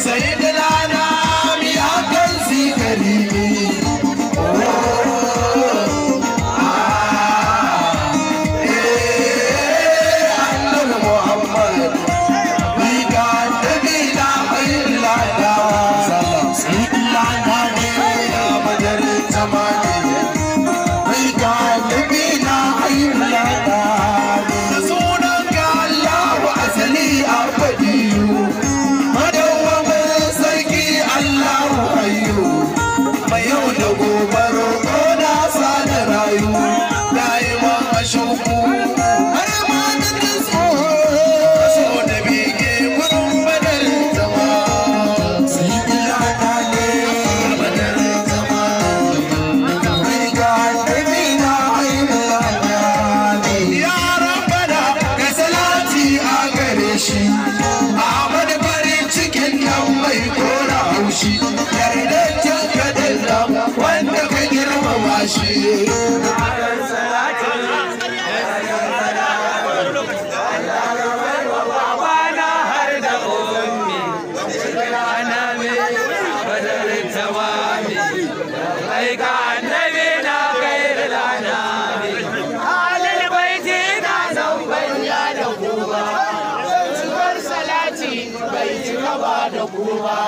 Say the Delana. hukuma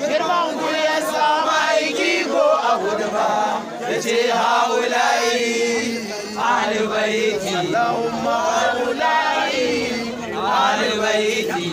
girman ku ya sama aiki ko a gudu ba ya ce haulayi ahalibaiki Allahumma haulayi ahalibaiki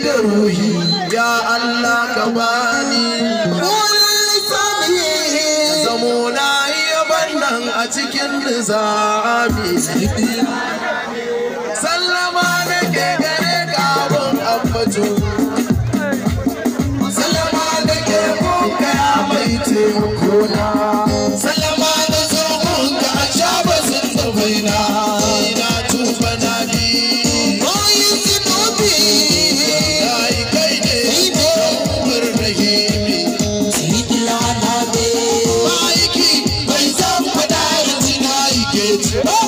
jiki da ruhi ya Allah ka bani zamo na iya bannan a cikin nizami Oh.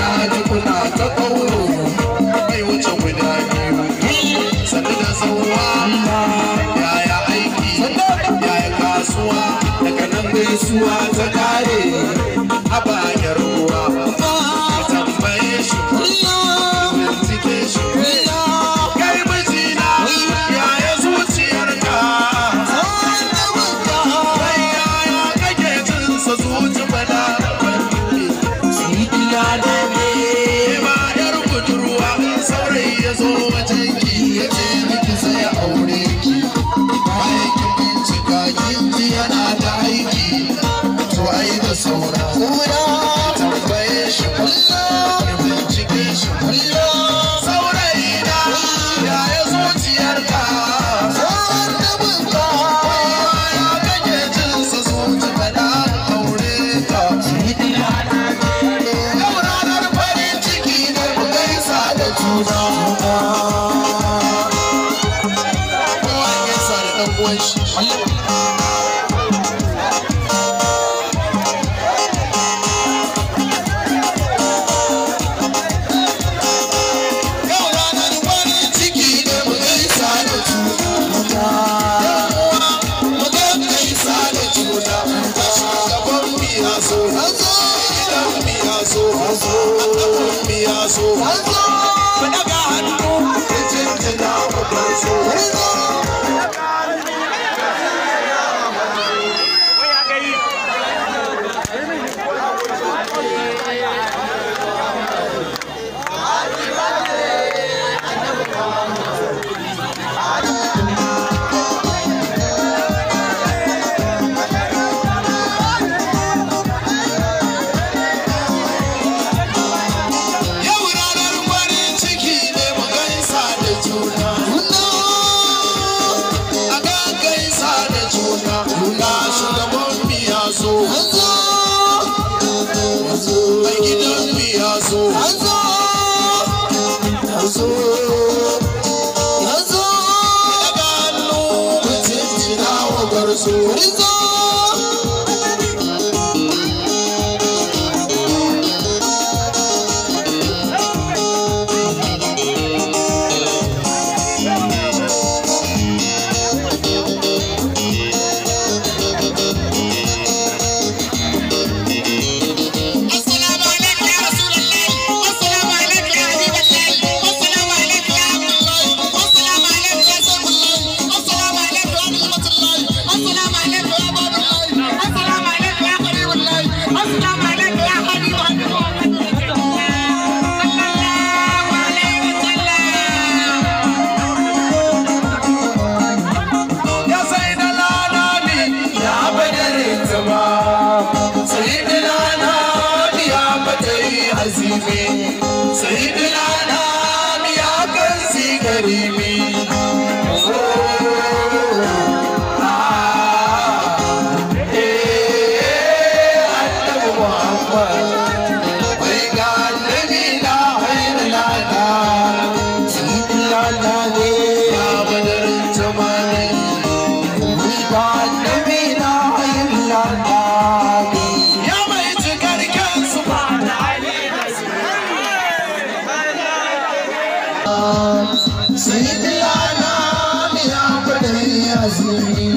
na ji ta wuce guda sauwa yaya aiki yaya daga nan gaisuwa kare haba saura kura tambaye shi kulla ya bincike shi kulla saurayi na ya yi zuciyar ka sa'an da bunka ya kake jin su zuci fada aure ka yau ranar farin ciki ne mu gaisa da juna so ku daga hannu ku jinjina ku bar sozinho.